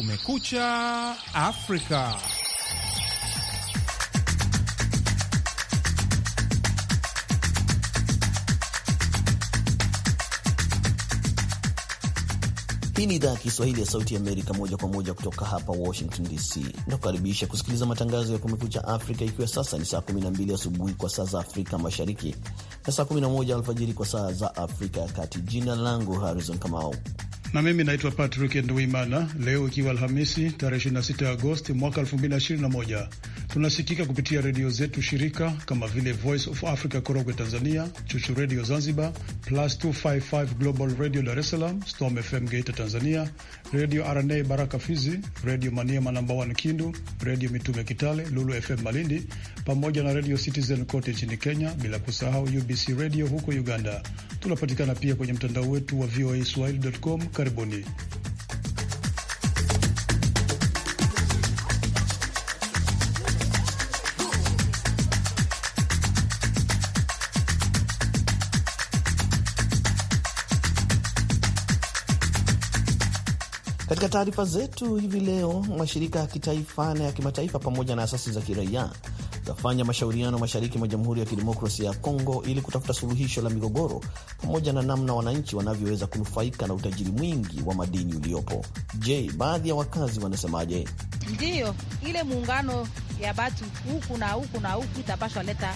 Kumekucha Afrika. Hii ni idhaa ya Kiswahili ya Sauti ya Amerika, moja kwa moja kutoka hapa Washington DC. Nakukaribisha kusikiliza matangazo ya Kumekucha Afrika, ikiwa sasa ni saa 12 asubuhi kwa saa za Afrika Mashariki na saa 11 alfajiri kwa saa za Afrika ya Kati. Jina langu Harrison Kamau na mimi naitwa Patrick Ndwimana. Leo ikiwa Alhamisi tarehe 26 Agosti mwaka 2021 Tunasikika kupitia redio zetu shirika kama vile Voice of Africa Korogwe Tanzania, Chuchu Redio Zanzibar, Plus 255 Global Radio Dar es Salaam, Storm FM Geita Tanzania, Redio RNA Baraka Fizi, Redio Maniema namba 1 Kindu, Redio Mitume Kitale, Lulu FM Malindi, pamoja na Redio Citizen kote nchini Kenya, bila kusahau UBC Redio huko Uganda. Tunapatikana pia kwenye mtandao wetu wa voa swahili.com. Karibuni. Katika taarifa zetu hivi leo, mashirika ya kitaifa na ya kimataifa pamoja na asasi za kiraia zafanya mashauriano mashariki mwa Jamhuri ya Kidemokrasia ya Kongo ili kutafuta suluhisho la migogoro pamoja na namna wananchi wanavyoweza kunufaika na utajiri mwingi wa madini uliopo. Je, baadhi ya wakazi wanasemaje? Ndiyo, ile muungano ya batu huku na huku na huku itapashwa leta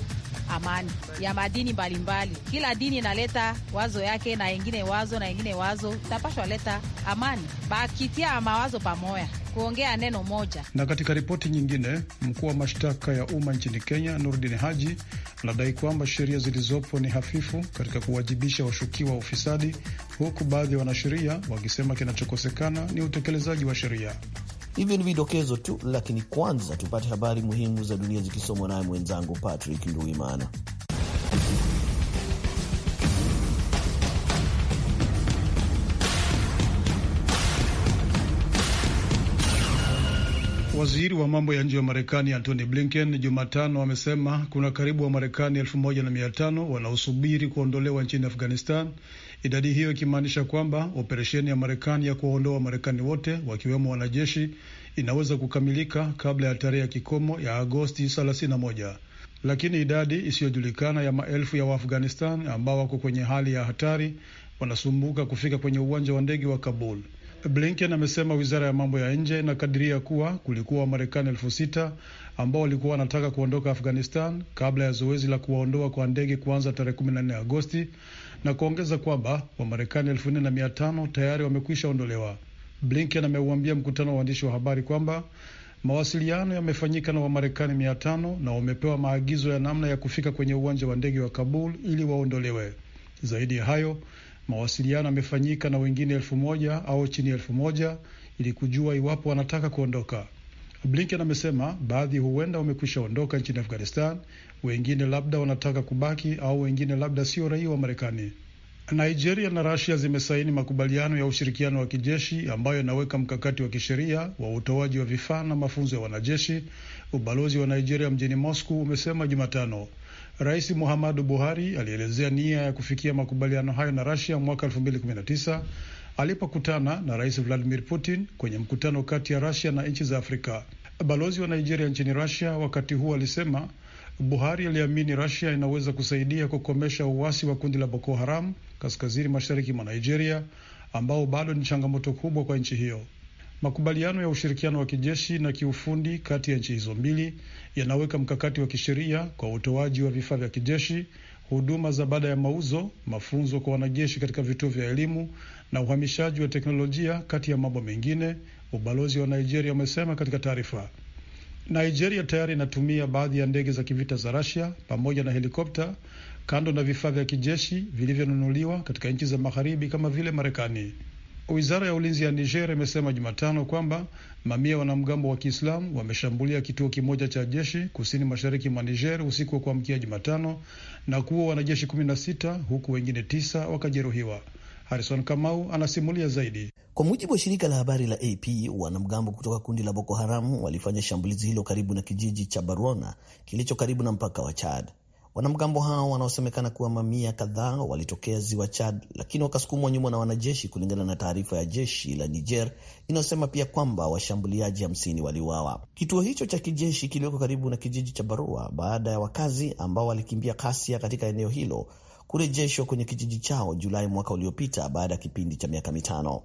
amani ya madini mbalimbali. Kila dini inaleta wazo yake na ingine wazo na ingine wazo, tapashwa leta amani bakitia mawazo pamoya kuongea neno moja. Na katika ripoti nyingine, mkuu wa mashtaka ya umma nchini Kenya Nurdin Haji anadai kwamba sheria zilizopo ni hafifu katika kuwajibisha washukiwa wa ufisadi, huku baadhi ya wanasheria wakisema kinachokosekana ni utekelezaji wa sheria. Hivyo ni vidokezo tu, lakini kwanza tupate habari muhimu za dunia zikisomwa naye mwenzangu Patrick Nduimana. Waziri wa mambo ya nje wa Marekani Antony Blinken Jumatano amesema kuna karibu wa elfu moja na mia tano wanaosubiri kuondolewa nchini Afghanistan idadi hiyo ikimaanisha kwamba operesheni ya Marekani ya kuwaondoa Wamarekani wote wakiwemo wanajeshi inaweza kukamilika kabla ya tarehe ya kikomo ya Agosti 31. Lakini idadi isiyojulikana ya maelfu ya Waafghanistan ambao wako kwenye hali ya hatari wanasumbuka kufika kwenye uwanja wa ndege wa Kabul. Blinken amesema wizara ya mambo ya nje inakadiria kuwa kulikuwa Wamarekani elfu sita ambao walikuwa wanataka kuondoka Afghanistan kabla ya zoezi la kuwaondoa kwa ndege kuanza tarehe 14 Agosti, na kuongeza kwamba Wamarekani elfu nne na mia tano tayari wamekwisha ondolewa. Blinken ameuambia mkutano wa waandishi wa habari kwamba mawasiliano yamefanyika na Wamarekani mia tano na wamepewa maagizo ya namna ya kufika kwenye uwanja wa ndege wa Kabul ili waondolewe. Zaidi ya hayo Mawasiliano yamefanyika na wengine elfu moja au chini ya elfu moja ili kujua iwapo wanataka kuondoka. Blinken amesema baadhi huenda wamekwisha ondoka nchini Afghanistan, wengine labda wanataka kubaki au wengine labda sio raia wa Marekani. Nigeria na rasia zimesaini makubaliano ya ushirikiano wa kijeshi ambayo inaweka mkakati wa kisheria wa utoaji wa vifaa na mafunzo ya wanajeshi. Ubalozi wa Nigeria mjini Moscow umesema Jumatano Rais Muhammadu Buhari alielezea nia ya kufikia makubaliano hayo na Rasia mwaka 2019 alipokutana na Rais Vladimir Putin kwenye mkutano kati ya Rasia na nchi za Afrika. Balozi wa Nigeria nchini Rasia wakati huo alisema Buhari aliamini Rasia inaweza kusaidia kukomesha uasi wa kundi la Boko Haram kaskazini mashariki mwa Nigeria ambao bado ni changamoto kubwa kwa nchi hiyo. Makubaliano ya ushirikiano wa kijeshi na kiufundi kati ya nchi hizo mbili yanaweka mkakati wa kisheria kwa utoaji wa vifaa vya kijeshi, huduma za baada ya mauzo, mafunzo kwa wanajeshi katika vituo vya elimu na uhamishaji wa teknolojia, kati ya mambo mengine, ubalozi wa Nigeria umesema katika taarifa. Nigeria tayari inatumia baadhi ya ndege za kivita za Russia pamoja na helikopta, kando na vifaa vya kijeshi vilivyonunuliwa katika nchi za magharibi kama vile Marekani. Wizara ya ulinzi ya Niger imesema Jumatano kwamba mamia wanamgambo wa Kiislamu wameshambulia kituo kimoja cha jeshi kusini mashariki mwa Niger usiku wa kuamkia Jumatano na kuua wanajeshi 16 huku wengine tisa wakajeruhiwa. Harison Kamau anasimulia zaidi. Kwa mujibu wa shirika la habari la AP, wanamgambo kutoka kundi la Boko Haramu walifanya shambulizi hilo karibu na kijiji cha Barona kilicho karibu na mpaka wa Chad. Wanamgambo hao wanaosemekana kuwa mamia kadhaa walitokea ziwa Chad, lakini wakasukumwa nyuma na wanajeshi, kulingana na taarifa ya jeshi la Niger inayosema pia kwamba washambuliaji hamsini waliuawa. Kituo hicho cha kijeshi kilioko karibu na kijiji cha Barua baada ya wakazi ambao walikimbia kasia katika eneo hilo kurejeshwa kwenye kijiji chao Julai mwaka uliopita baada ya kipindi cha miaka mitano.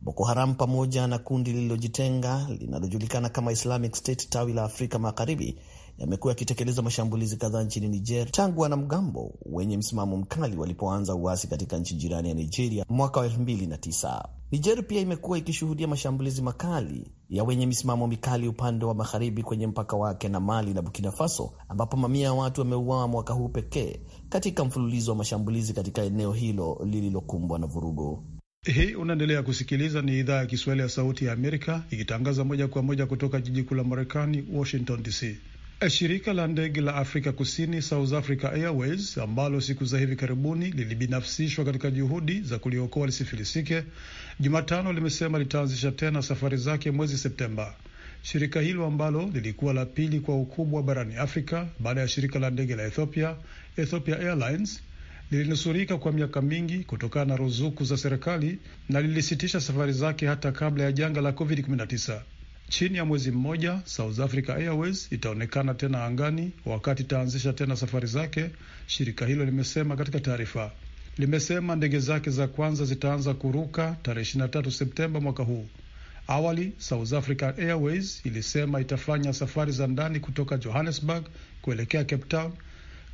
Boko Haram pamoja na kundi lililojitenga linalojulikana kama Islamic State tawi la Afrika Magharibi yamekuwa yakitekeleza mashambulizi kadhaa nchini Niger tangu wanamgambo wenye msimamo mkali walipoanza uasi katika nchi jirani ya Nigeria mwaka wa 2009. Niger pia imekuwa ikishuhudia mashambulizi makali ya wenye misimamo mikali upande wa magharibi kwenye mpaka wake na Mali na Burkina Faso, ambapo mamia ya watu wameuawa mwaka huu pekee katika mfululizo wa mashambulizi katika eneo hilo lililokumbwa na vurugu. Hii unaendelea kusikiliza, ni idhaa ya Kiswahili ya Sauti ya Amerika ikitangaza moja kwa moja kutoka jiji kuu la Marekani, Washington DC. Eh, shirika la ndege la Afrika Kusini, South Africa Airways, ambalo siku za hivi karibuni lilibinafsishwa katika juhudi za kuliokoa lisifilisike, Jumatano limesema litaanzisha tena safari zake mwezi Septemba. Shirika hilo ambalo lilikuwa la pili kwa ukubwa barani Afrika baada ya shirika la ndege la Ethiopia, Ethiopia Airlines, lilinusurika kwa miaka mingi kutokana na ruzuku za serikali na lilisitisha safari zake hata kabla ya janga la COVID-19. Chini ya mwezi mmoja, South Africa Airways itaonekana tena angani wakati itaanzisha tena safari zake, shirika hilo limesema katika taarifa. Limesema ndege zake za kwanza zitaanza kuruka tarehe 23 Septemba mwaka huu. Awali South Africa Airways ilisema itafanya safari za ndani kutoka Johannesburg kuelekea Cape Town,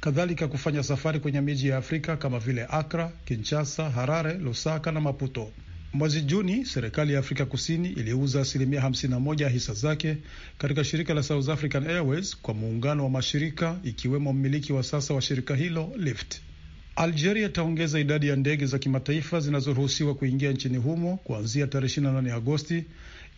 kadhalika kufanya safari kwenye miji ya Afrika kama vile Accra, Kinshasa, Harare, Lusaka na Maputo. Mwezi Juni, serikali ya Afrika Kusini iliuza asilimia 51 ya hisa zake katika shirika la South African Airways kwa muungano wa mashirika ikiwemo mmiliki wa sasa wa shirika hilo Lift. Algeria itaongeza idadi ya ndege za kimataifa zinazoruhusiwa kuingia nchini humo kuanzia tarehe 28 Agosti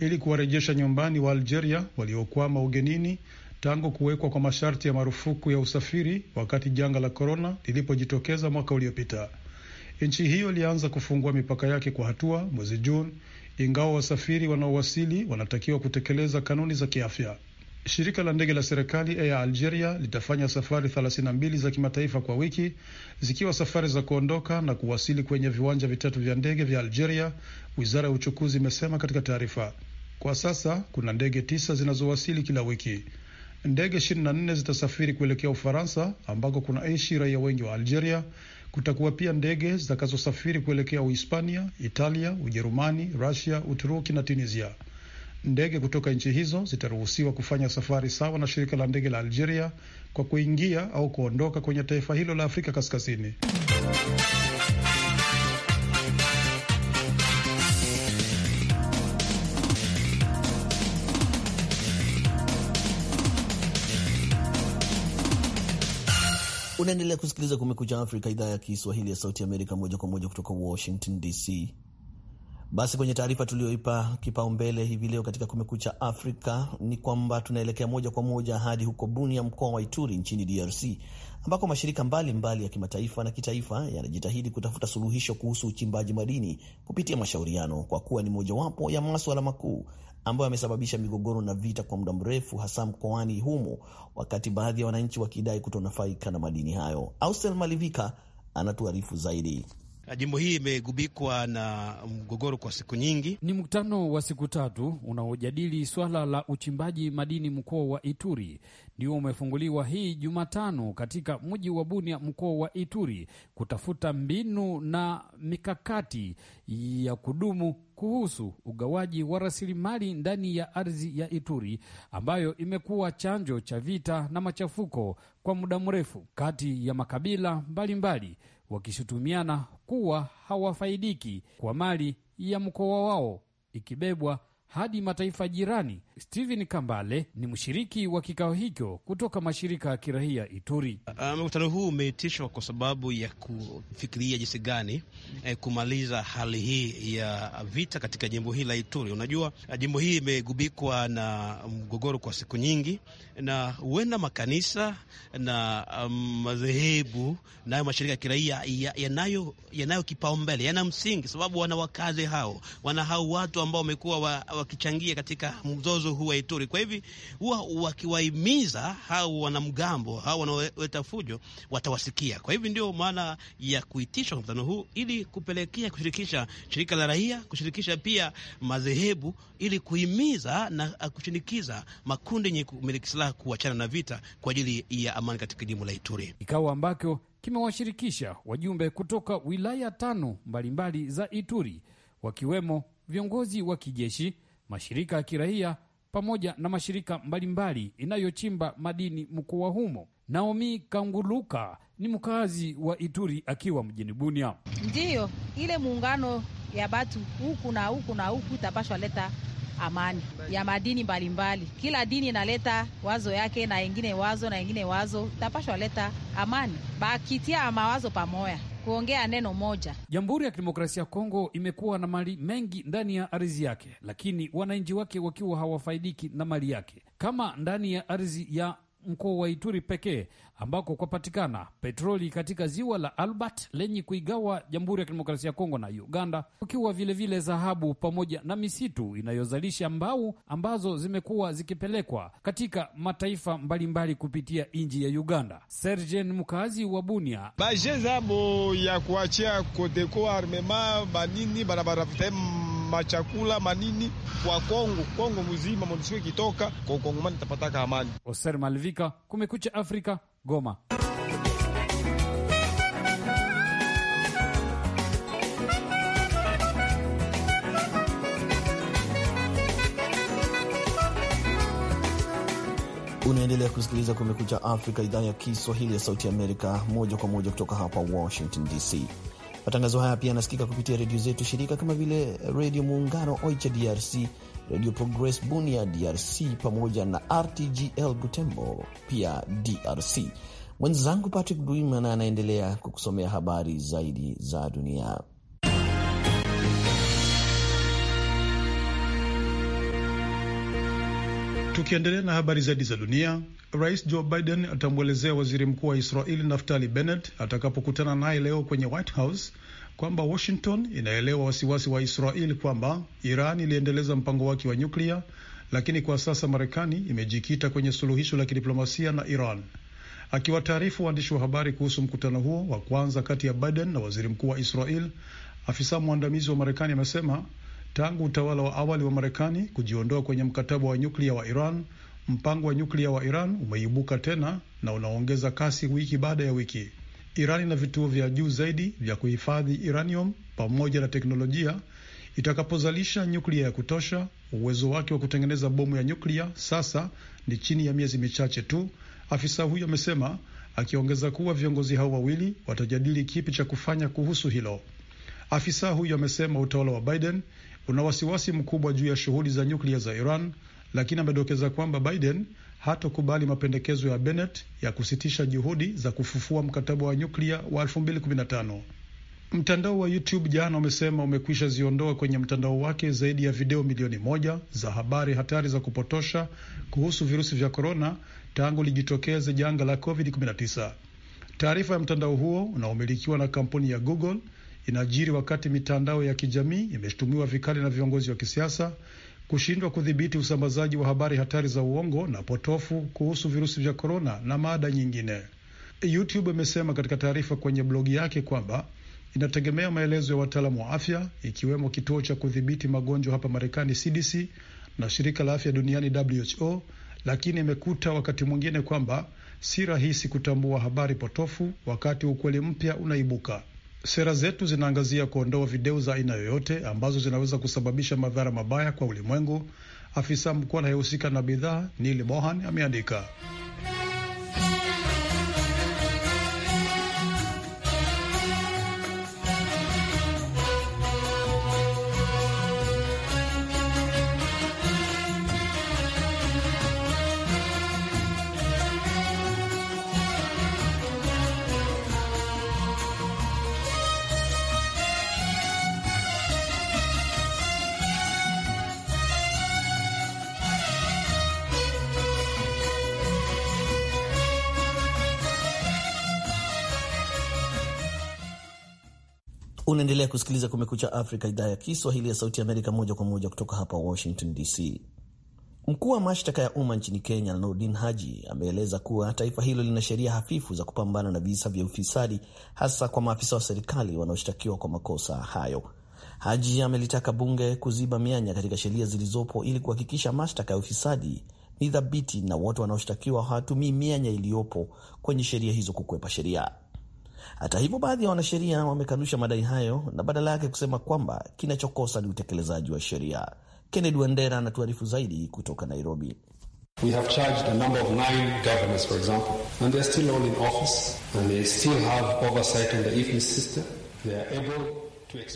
ili kuwarejesha nyumbani wa Algeria waliokwama ugenini tangu kuwekwa kwa masharti ya marufuku ya usafiri wakati janga la korona lilipojitokeza mwaka uliopita. Nchi hiyo ilianza kufungua mipaka yake kwa hatua mwezi Juni, ingawa wasafiri wanaowasili wanatakiwa kutekeleza kanuni za kiafya. Shirika la ndege la serikali Air Algeria litafanya safari 32 za kimataifa kwa wiki, zikiwa safari za kuondoka na kuwasili kwenye viwanja vitatu vya ndege vya Algeria, wizara ya uchukuzi imesema katika taarifa. Kwa sasa kuna ndege tisa zinazowasili kila wiki. Ndege 24 zitasafiri kuelekea Ufaransa ambako kunaishi raia wengi wa Algeria Kutakuwa pia ndege zitakazosafiri kuelekea Uhispania, Italia, Ujerumani, Rusia, Uturuki na Tunisia. Ndege kutoka nchi hizo zitaruhusiwa kufanya safari sawa na shirika la ndege la Algeria kwa kuingia au kuondoka kwenye taifa hilo la Afrika Kaskazini. Unaendelea kusikiliza Kumekucha Afrika, idhaa ya Kiswahili ya Sauti Amerika, moja kwa moja kutoka Washington DC. Basi kwenye taarifa tuliyoipa kipaumbele hivi leo katika Kumekucha Afrika ni kwamba tunaelekea moja kwa moja hadi huko Bunia, mkoa wa Ituri nchini DRC, ambako mashirika mbalimbali mbali ya kimataifa na kitaifa yanajitahidi kutafuta suluhisho kuhusu uchimbaji madini kupitia mashauriano, kwa kuwa ni mojawapo ya maswala makuu ambayo yamesababisha migogoro na vita kwa muda mrefu, hasa mkoani humo, wakati baadhi ya wananchi wakidai kutonufaika na madini hayo. Austel Malivika anatuarifu zaidi. Jimbo hii imegubikwa na mgogoro kwa siku nyingi. Ni mkutano wa siku tatu unaojadili swala la uchimbaji madini mkoa wa Ituri ndio umefunguliwa hii Jumatano katika mji wa Bunia, mkoa wa Ituri, kutafuta mbinu na mikakati ya kudumu kuhusu ugawaji wa rasilimali ndani ya ardhi ya Ituri ambayo imekuwa chanjo cha vita na machafuko kwa muda mrefu kati ya makabila mbalimbali mbali wakishutumiana kuwa hawafaidiki kwa mali ya mkoa wao ikibebwa hadi mataifa jirani. Steven Kambale ni mshiriki wa kikao hicho kutoka mashirika ya kirahia Ituri. Uh, uh, mkutano um, huu umeitishwa kwa sababu ya kufikiria jinsi gani eh, kumaliza hali hii ya vita katika jimbo hili la Ituri. Unajua uh, jimbo hii imegubikwa na mgogoro kwa siku nyingi, na huenda makanisa na um, madhehebu nayo mashirika ya kiraia yanayo ya ya kipaumbele yana msingi, sababu wana wakazi hao wana hao watu ambao wamekuwa wa, wakichangia katika mzozo huu wa Ituri. Kwa hivi huwa wakiwahimiza hao wanamgambo hao wanaoleta fujo watawasikia. Kwa hivi ndio maana ya kuitishwa kwa mkutano huu ili kupelekea kushirikisha shirika la raia, kushirikisha pia madhehebu ili kuhimiza na kushinikiza makundi yenye kumiliki silaha kuachana na vita kwa ajili ya amani katika jimbo la Ituri. Kikao ambako kimewashirikisha wajumbe kutoka wilaya tano mbalimbali mbali za Ituri wakiwemo viongozi wa kijeshi mashirika ya kiraia pamoja na mashirika mbalimbali inayochimba madini mkoa humo. Naomi Kanguluka ni mkazi wa Ituri akiwa mjini Bunia. Ndiyo ile muungano ya batu huku na huku na huku itapashwa leta amani ya madini mbalimbali. Kila dini inaleta wazo yake na ingine wazo na ingine wazo, itapashwa leta amani bakitia mawazo pamoya kuongea neno moja. Jamhuri ya Kidemokrasia ya Kongo imekuwa na mali mengi ndani ya ardhi yake, lakini wananchi wake wakiwa hawafaidiki na mali yake, kama ndani ya ardhi ya mkoa wa Ituri pekee ambako kwapatikana petroli katika ziwa la Albert lenye kuigawa Jamhuri ya Kidemokrasia ya Kongo na Uganda, ukiwa vilevile dhahabu pamoja na misitu inayozalisha mbao ambazo zimekuwa zikipelekwa katika mataifa mbalimbali mbali kupitia nchi ya Uganda. Sergen mkazi wa Bunia, baje zabo ya kuachia kodeko armema banini barabara vitema machakula manini kwa Kongo, Kongo mzima mondisiwe ikitoka kwa ukongomani tapataka amani. Oser Malvika, Kumekucha Afrika, Goma. Unaendelea kusikiliza Kumekucha Afrika, idhaa ya Kiswahili ya Sauti Amerika, moja kwa moja kutoka hapa Washington DC. Matangazo haya pia yanasikika kupitia redio zetu shirika kama vile Redio Muungano Oicha DRC, Redio Progress Bunia DRC, pamoja na RTGL Butembo pia DRC. Mwenzangu Patrick Duimana anaendelea kukusomea habari zaidi za dunia. Tukiendelea na habari zaidi za dunia, Rais Joe Biden atamwelezea waziri mkuu wa Israeli Naftali Bennett atakapokutana naye leo kwenye White House kwamba Washington inaelewa wasiwasi wa Israeli kwamba Iran iliendeleza mpango wake wa nyuklia, lakini kwa sasa Marekani imejikita kwenye suluhisho la kidiplomasia na Iran. Akiwataarifu waandishi wa habari kuhusu mkutano huo wa kwanza kati ya Biden na waziri mkuu wa Israel, afisa mwandamizi wa Marekani amesema tangu utawala wa awali wa Marekani kujiondoa kwenye mkataba wa nyuklia wa Iran, mpango wa nyuklia wa Iran umeibuka tena na unaongeza kasi wiki baada ya wiki. Iran ina vituo vya juu zaidi vya kuhifadhi uranium pamoja na teknolojia itakapozalisha nyuklia ya kutosha. Uwezo wake wa kutengeneza bomu ya nyuklia sasa ni chini ya miezi michache tu, afisa huyo amesema, akiongeza kuwa viongozi hao wawili watajadili kipi cha kufanya kuhusu hilo. Afisa huyo amesema utawala wa Biden una wasiwasi mkubwa juu ya shughuli za nyuklia za Iran, lakini amedokeza kwamba Biden hatokubali mapendekezo ya Bennett ya kusitisha juhudi za kufufua mkataba wa nyuklia wa 2015. Mtandao wa YouTube jana umesema umekwisha ziondoa kwenye mtandao wake zaidi ya video milioni moja za habari hatari za kupotosha kuhusu virusi vya korona tangu lijitokeze janga la COVID-19. Taarifa ya mtandao huo unaomilikiwa na kampuni ya Google inajiri wakati mitandao ya kijamii imeshutumiwa vikali na viongozi wa kisiasa kushindwa kudhibiti usambazaji wa habari hatari za uongo na potofu kuhusu virusi vya korona na mada nyingine. YouTube imesema katika taarifa kwenye blogi yake kwamba inategemea maelezo ya wataalamu wa afya ikiwemo kituo cha kudhibiti magonjwa hapa Marekani CDC na shirika la afya duniani WHO, lakini imekuta wakati mwingine kwamba si rahisi kutambua habari potofu wakati ukweli mpya unaibuka. Sera zetu zinaangazia kuondoa video za aina yoyote ambazo zinaweza kusababisha madhara mabaya kwa ulimwengu, afisa mkuu anayehusika na bidhaa Neil Mohan ameandika. Unaendelea kusikiliza Kumekucha Afrika, idhaa ya Kiswahili ya Sauti Amerika, moja kwa moja kutoka hapa Washington DC. Mkuu wa mashtaka ya umma nchini Kenya, nordin Haji, ameeleza kuwa taifa hilo lina sheria hafifu za kupambana na visa vya ufisadi, hasa kwa maafisa wa serikali wanaoshtakiwa kwa makosa hayo. Haji amelitaka bunge kuziba mianya katika sheria zilizopo ili kuhakikisha mashtaka ya ufisadi ni thabiti na wote wanaoshtakiwa hawatumii mianya iliyopo kwenye sheria hizo kukwepa sheria. Hata hivyo, baadhi ya wanasheria wamekanusha madai hayo na badala yake kusema kwamba kinachokosa ni utekelezaji wa sheria. Kennedy Wendera anatuarifu zaidi kutoka Nairobi. We have charged a number of nine governors, for example, and still all in office and they still have oversight on the system. They are able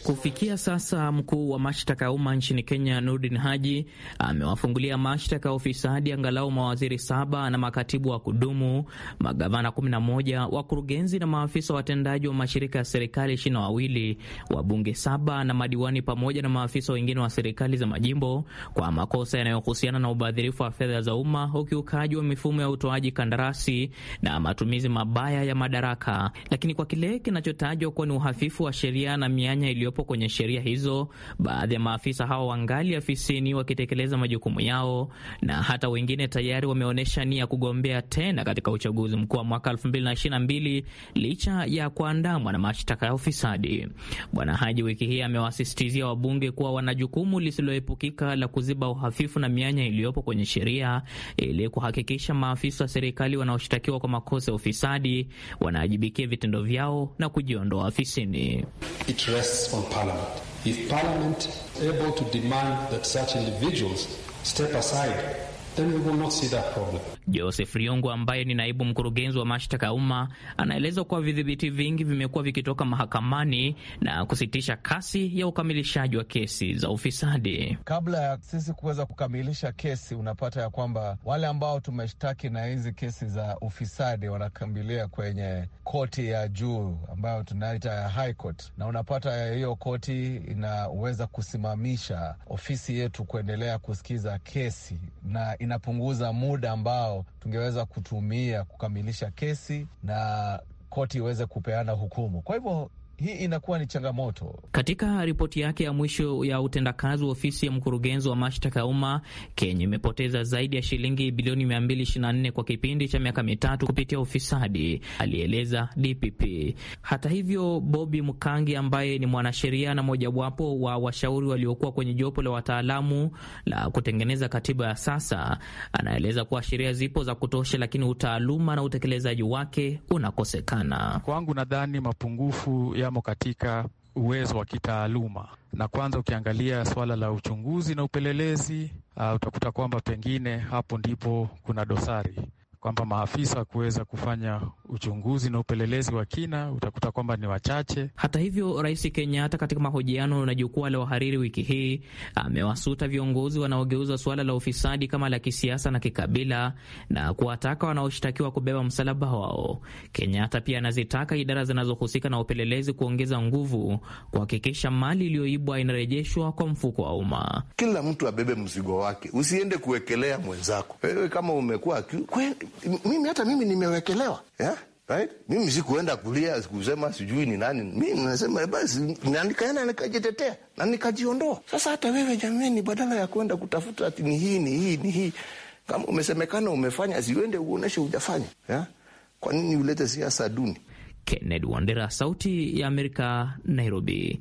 Kufikia sasa mkuu wa mashtaka ya umma nchini Kenya, Nurdin Haji, amewafungulia mashtaka ya ufisadi angalau mawaziri saba na makatibu wa kudumu, magavana 11, wakurugenzi na maafisa watendaji wa mashirika ya serikali ishirini wabunge saba na madiwani pamoja na maafisa wengine wa serikali za majimbo kwa makosa yanayohusiana na ubadhirifu wa fedha za umma, ukiukaji wa mifumo ya utoaji kandarasi na matumizi mabaya ya madaraka, lakini kwa kile kinachotajwa kuwa ni uhafifu wa sheria na mianya chanya iliyopo kwenye sheria hizo, baadhi ya maafisa hao wangali afisini wakitekeleza majukumu yao, na hata wengine tayari wameonyesha nia ya kugombea tena katika uchaguzi mkuu wa mwaka 2022 licha ya kuandamwa na mashtaka ya ufisadi. Bwana Haji wiki hii amewasisitizia wabunge kuwa wana jukumu lisiloepukika la kuziba uhafifu na mianya iliyopo kwenye sheria ili kuhakikisha maafisa wa serikali wanaoshtakiwa kwa makosa ya ufisadi wanaajibikia vitendo vyao na kujiondoa afisini. It rests rests on Parliament. If Parliament able to demand that such individuals step aside, then we will not see that problem. Joseph Riongo ambaye ni naibu mkurugenzi wa mashtaka ya umma anaeleza kuwa vidhibiti vingi vimekuwa vikitoka mahakamani na kusitisha kasi ya ukamilishaji wa kesi za ufisadi. Kabla ya sisi kuweza kukamilisha kesi, unapata ya kwamba wale ambao tumeshtaki na hizi kesi za ufisadi wanakambilia kwenye koti ya juu ambayo tunaita high court, na unapata hiyo koti inaweza kusimamisha ofisi yetu kuendelea kusikiza kesi na inapunguza muda ambao ambao tungeweza kutumia kukamilisha kesi na koti iweze kupeana hukumu. Kwa hivyo hii inakuwa ni changamoto. Katika ripoti yake ya mwisho ya utendakazi wa ofisi ya mkurugenzi wa mashtaka ya umma, Kenya imepoteza zaidi ya shilingi bilioni 224 kwa kipindi cha miaka mitatu kupitia ufisadi, alieleza DPP. Hata hivyo, Bobi Mkangi ambaye ni mwanasheria na mojawapo wa washauri waliokuwa kwenye jopo la wataalamu la kutengeneza katiba ya sasa, anaeleza kuwa sheria zipo za kutosha, lakini utaaluma na utekelezaji wake unakosekana. Kwangu nadhani mapungufu ya mtazamo katika uwezo wa kitaaluma na kwanza, ukiangalia suala la uchunguzi na upelelezi uh, utakuta kwamba pengine hapo ndipo kuna dosari kwamba maafisa kuweza kufanya uchunguzi na upelelezi wa kina utakuta kwamba ni wachache. Hata hivyo, Rais Kenyatta katika mahojiano na jukwaa la wahariri wiki hii amewasuta viongozi wanaogeuza suala la ufisadi kama la kisiasa na kikabila na kuwataka wanaoshtakiwa kubeba msalaba wao. Kenyatta pia anazitaka idara zinazohusika na upelelezi kuongeza nguvu kuhakikisha mali iliyoibwa inarejeshwa kwa mfuko wa umma. Kila mtu abebe mzigo wake, usiende kuwekelea mwenzako. Wewe kama umekuwa mimi, hata mimi nimewekelewa yeah? Right? Mimi sikuenda kulia kusema sijui ni nani. Mimi nasema eh, basi nikaenda yaani nikajitetea na nikajiondoa. Sasa hata wewe jamani, badala ya kuenda kutafuta ati ni hii ni hii ni hii, kama umesemekana umefanya, ziwende uoneshe ujafanya yeah? Kwa nini ulete siasa duni? Kennedy Wandera, Sauti ya Amerika, Nairobi.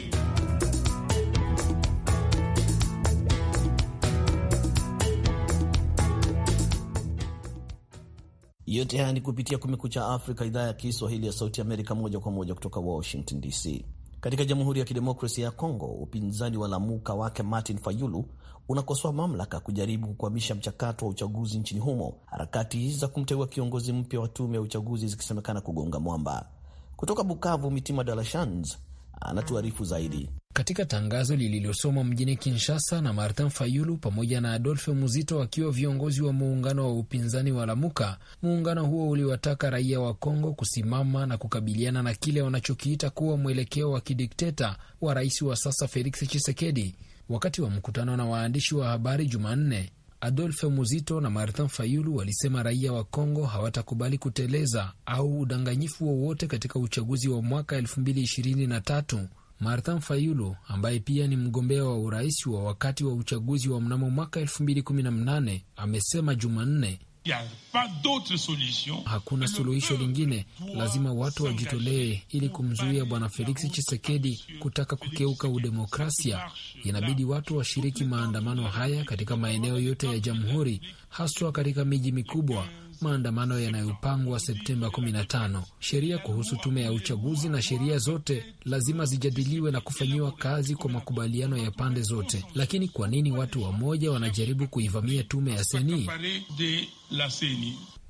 Yote haya ni kupitia Kumekucha Afrika, idhaa ya Kiswahili ya Sauti Amerika, moja kwa moja kutoka Washington DC. Katika Jamhuri ya Kidemokrasia ya Kongo, upinzani wa Lamuka wake Martin Fayulu unakosoa mamlaka kujaribu kukwamisha mchakato wa uchaguzi nchini humo, harakati za kumteua kiongozi mpya wa tume ya uchaguzi zikisemekana kugonga mwamba. Kutoka Bukavu, Mitima Dalashans anatuarifu zaidi. Katika tangazo lililosomwa mjini Kinshasa na Martin Fayulu pamoja na adolfe Muzito wakiwa viongozi wa muungano wa upinzani wa Lamuka, muungano huo uliwataka raia wa Kongo kusimama na kukabiliana na kile wanachokiita kuwa mwelekeo wa kidikteta wa rais wa sasa Felix Tshisekedi. Wakati wa mkutano na waandishi wa habari Jumanne, adolfe Muzito na Martin Fayulu walisema raia wa Kongo hawatakubali kuteleza au udanganyifu wowote katika uchaguzi wa mwaka 2023 Martin Fayulu ambaye pia ni mgombea wa urais wa wakati wa uchaguzi wa mnamo mwaka 2018 amesema Jumanne hakuna suluhisho lingine, lazima watu wajitolee ili kumzuia bwana Feliksi Chisekedi kutaka kukeuka udemokrasia. Inabidi watu washiriki maandamano haya katika maeneo yote ya jamhuri, haswa katika miji mikubwa maandamano yanayopangwa Septemba 15. Sheria kuhusu tume ya uchaguzi na sheria zote lazima zijadiliwe na kufanyiwa kazi kwa makubaliano ya pande zote. Lakini kwa nini watu wamoja wanajaribu kuivamia tume ya Seni?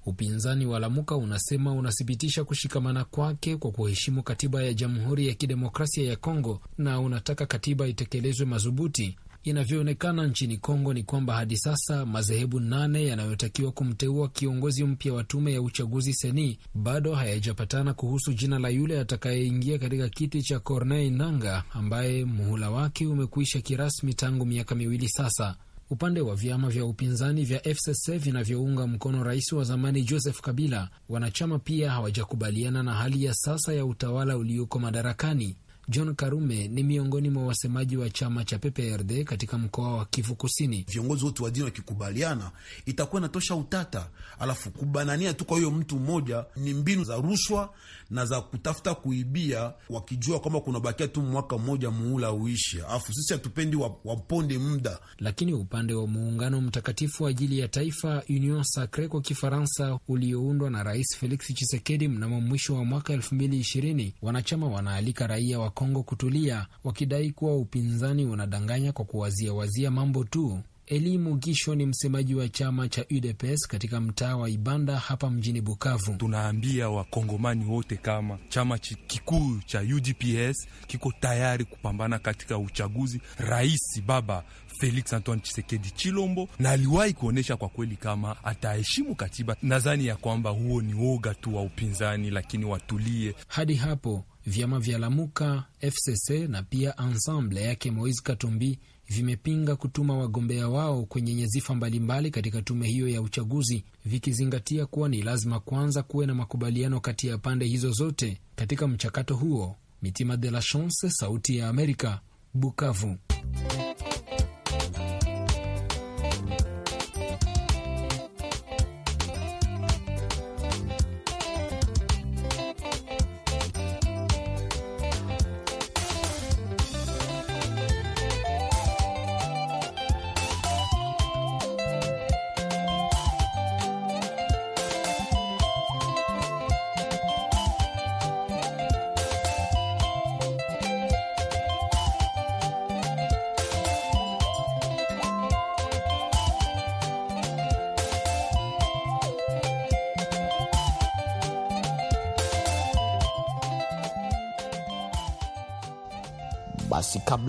Upinzani wa Lamuka unasema unathibitisha kushikamana kwake kwa kuheshimu katiba ya Jamhuri ya Kidemokrasia ya Kongo na unataka katiba itekelezwe madhubuti. Inavyoonekana nchini Kongo ni kwamba hadi sasa madhehebu nane yanayotakiwa kumteua kiongozi mpya wa tume ya uchaguzi seni bado hayajapatana kuhusu jina la yule atakayeingia katika kiti cha Corneille Nanga ambaye muhula wake umekwisha kirasmi tangu miaka miwili sasa. Upande wa vyama vya upinzani vya FCC vinavyounga mkono rais wa zamani Joseph Kabila, wanachama pia hawajakubaliana na hali ya sasa ya utawala ulioko madarakani. John Karume ni miongoni mwa wasemaji wa chama cha PPRD katika mkoa wa Kivu Kusini. Viongozi wote wa dini wakikubaliana itakuwa inatosha utata, alafu kubanania tu kwa huyo mtu mmoja ni mbinu za rushwa na za kutafuta kuibia, wakijua kwamba kunabakia tu mwaka mmoja muhula uishi Alafu sisi hatupendi waponde muda. Lakini upande wa muungano mtakatifu wa ajili ya taifa Union Sacre kwa Kifaransa ulioundwa na Rais Felix Chisekedi mnamo mwisho wa mwaka elfu mbili ishirini wanachama wanaalika raia wa wa Kongo kutulia, wakidai kuwa upinzani unadanganya kwa kuwaziawazia mambo tu. Eli Mugisho ni msemaji wa chama cha UDPS katika mtaa wa Ibanda hapa mjini Bukavu. Tunaambia wakongomani wote kama chama kikuu cha UDPS kiko tayari kupambana katika uchaguzi. Rais baba Felix Antoine Chisekedi Chilombo na aliwahi kuonyesha kwa kweli kama ataheshimu katiba. Nadhani ya kwamba huo ni woga tu wa upinzani, lakini watulie hadi hapo. Vyama vya Lamuka, FCC na pia Ensemble yake Moise Katumbi vimepinga kutuma wagombea wao kwenye nyadhifa mbalimbali katika tume hiyo ya uchaguzi, vikizingatia kuwa ni lazima kwanza kuwe na makubaliano kati ya pande hizo zote katika mchakato huo. Mitima de la Chance, Sauti ya Amerika, Bukavu.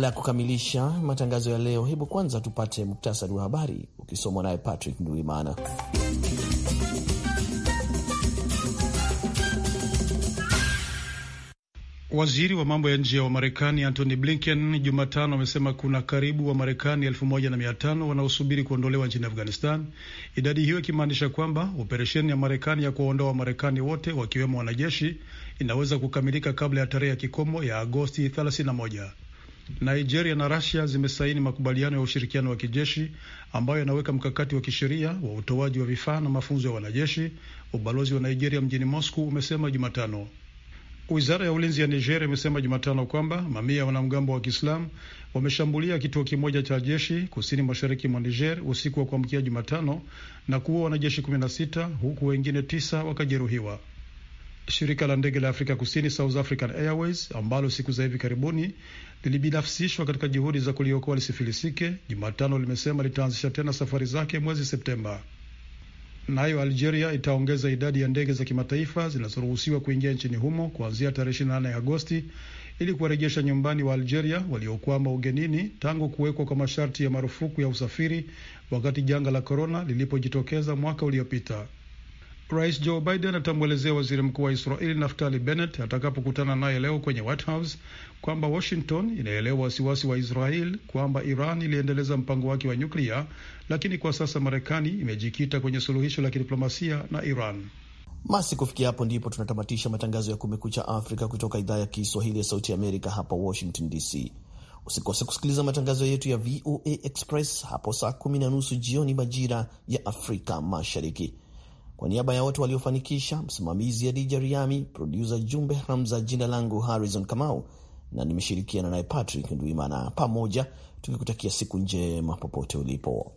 Kabla ya kukamilisha matangazo ya leo, hebu kwanza tupate muktasari wa habari ukisomwa naye Patrick Nduimana. Waziri wa mambo ya nje wa Marekani Antony Blinken Jumatano amesema kuna karibu wa Marekani elfu moja na mia tano wanaosubiri kuondolewa nchini Afghanistan, idadi hiyo ikimaanisha kwamba operesheni ya Marekani ya kuwaondoa Wamarekani wote wakiwemo wanajeshi inaweza kukamilika kabla ya tarehe ya kikomo ya Agosti 31. Nigeria na Russia zimesaini makubaliano ya ushirikiano wa kijeshi ambayo yanaweka mkakati wa kisheria wa utoaji wa vifaa na mafunzo ya wanajeshi, ubalozi wa Nigeria mjini Moscow umesema Jumatano. Wizara ya ulinzi ya Nigeria imesema Jumatano kwamba mamia ya wanamgambo wa Kiislamu wameshambulia kituo kimoja cha jeshi kusini mashariki mwa Niger usiku wa kuamkia Jumatano na kuua wanajeshi 16 huku wengine tisa wakajeruhiwa. Shirika la ndege la Afrika Kusini, South African Airways, ambalo siku za hivi karibuni lilibinafsishwa katika juhudi za kuliokoa lisifilisike, Jumatano limesema litaanzisha tena safari zake mwezi Septemba. Nayo Algeria itaongeza idadi ya ndege za kimataifa zinazoruhusiwa kuingia nchini humo kuanzia tarehe 28 Agosti ili kuwarejesha nyumbani wa Algeria waliokwama ugenini tangu kuwekwa kwa masharti ya marufuku ya usafiri wakati janga la korona lilipojitokeza mwaka uliopita. Rais Joe Biden atamwelezea waziri mkuu wa Israeli Naftali Bennett atakapokutana naye leo kwenye White House kwamba Washington inaelewa wasiwasi wa Israel kwamba Iran iliendeleza mpango wake wa nyuklia, lakini kwa sasa Marekani imejikita kwenye suluhisho la kidiplomasia na Iran. Basi kufikia hapo ndipo tunatamatisha matangazo ya Kumekucha Afrika kutoka idhaa ya Kiswahili ya Sauti Amerika hapa Washington DC. Usikose kusikiliza matangazo yetu ya VOA Express hapo saa kumi na nusu jioni majira ya Afrika Mashariki. Kwa niaba ya wote waliofanikisha, msimamizi Adija Riami, produsa Jumbe Hamza, jina langu Harrison Kamau na nimeshirikiana naye Patrick Ndwimana, pamoja tukikutakia siku njema popote ulipo.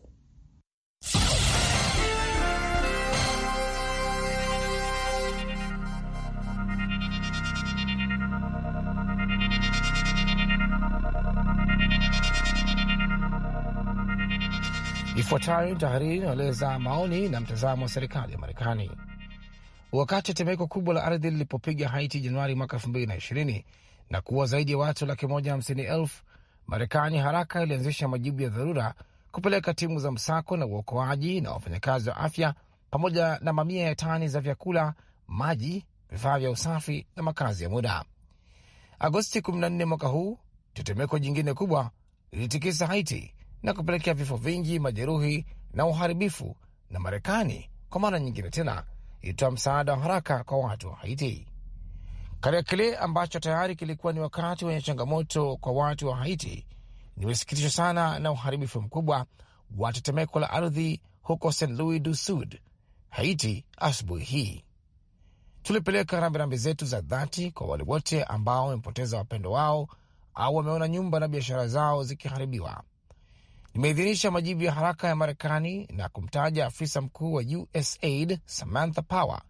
Ifuatayo ni tahariri inayoeleza maoni na mtazamo wa serikali ya Marekani. Wakati tetemeko kubwa la ardhi lilipopiga Haiti Januari mwaka 2020 na kuwa zaidi ya watu laki moja hamsini elfu, Marekani haraka ilianzisha majibu ya dharura kupeleka timu za msako na uokoaji na wafanyakazi wa afya pamoja na mamia ya tani za vyakula, maji, vifaa vya usafi na makazi ya muda. Agosti 14 mwaka huu, tetemeko jingine kubwa lilitikisa Haiti na kupelekea vifo vingi, majeruhi na uharibifu, na Marekani kwa mara nyingine tena ilitoa msaada wa haraka kwa watu wa Haiti katika kile ambacho tayari kilikuwa ni wakati wenye changamoto kwa watu wa Haiti. Nimesikitishwa sana na uharibifu mkubwa wa tetemeko la ardhi huko St Louis du Sud, Haiti. Asubuhi hii tulipeleka rambirambi zetu za dhati kwa wale wote ambao wamepoteza wapendo wao au wameona nyumba na biashara zao zikiharibiwa limeidhinisha majibu ya haraka ya Marekani na kumtaja afisa mkuu wa USAID Samantha Power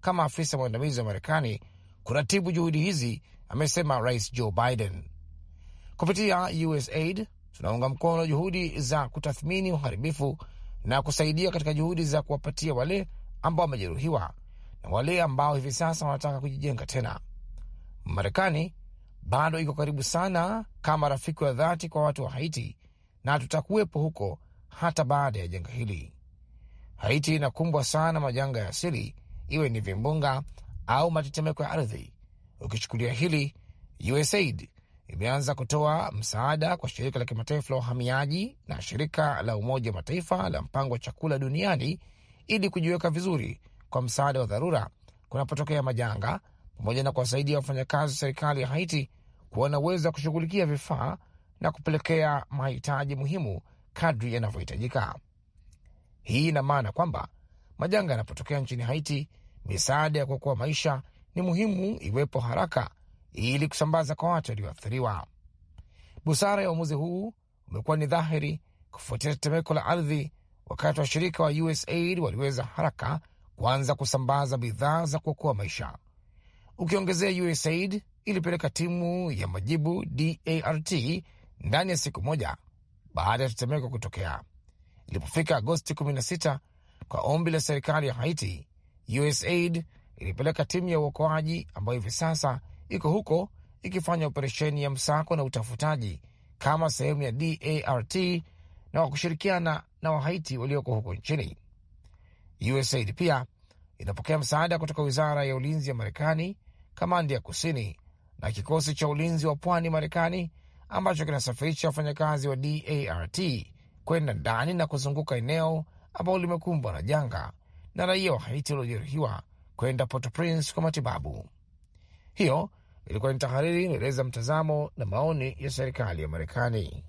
kama afisa mwandamizi wa Marekani kuratibu juhudi hizi, amesema Rais Joe Biden. Kupitia USAID tunaunga mkono juhudi za kutathmini uharibifu na kusaidia katika juhudi za kuwapatia wale ambao wamejeruhiwa na wale ambao hivi sasa wanataka kujijenga tena. Marekani bado iko karibu sana kama rafiki wa dhati kwa watu wa Haiti na tutakuwepo huko hata baada ya janga hili. Haiti inakumbwa sana majanga ya asili, iwe ni vimbunga au matetemeko ya ardhi. Ukichukulia hili, USAID imeanza kutoa msaada kwa shirika la kimataifa la uhamiaji na shirika la Umoja wa Mataifa la mpango wa chakula duniani ili kujiweka vizuri kwa msaada wa dharura kunapotokea majanga, pamoja na kuwasaidia wafanyakazi wa serikali ya Haiti kuwa na uwezo wa kushughulikia vifaa na kupelekea mahitaji muhimu kadri yanavyohitajika. Hii ina maana kwamba majanga yanapotokea nchini Haiti, misaada ya kuokoa maisha ni muhimu iwepo haraka ili kusambaza kwa watu walioathiriwa. Busara ya uamuzi huu umekuwa ni dhahiri kufuatia tetemeko la ardhi, wakati washirika wa USAID waliweza haraka kuanza kusambaza bidhaa za kuokoa maisha. Ukiongezea, USAID ilipeleka timu ya majibu DART ndani ya siku moja baada ya tetemeko kutokea. Ilipofika Agosti 16 kwa ombi la serikali ya Haiti, USAID ilipeleka timu ya uokoaji ambayo hivi sasa iko huko ikifanya operesheni ya msako na utafutaji kama sehemu ya DART na kwa kushirikiana na Wahaiti walioko huko nchini. USAID pia inapokea msaada kutoka wizara ya ulinzi ya Marekani, kamandi ya kusini na kikosi cha ulinzi wa pwani Marekani ambacho kinasafirisha wafanyakazi wa DART kwenda ndani na kuzunguka eneo ambalo limekumbwa na janga na raia wa Haiti waliojeruhiwa kwenda Port-au-Prince kwa matibabu. Hiyo ilikuwa ni tahariri inaeleza mtazamo na maoni ya serikali ya Marekani.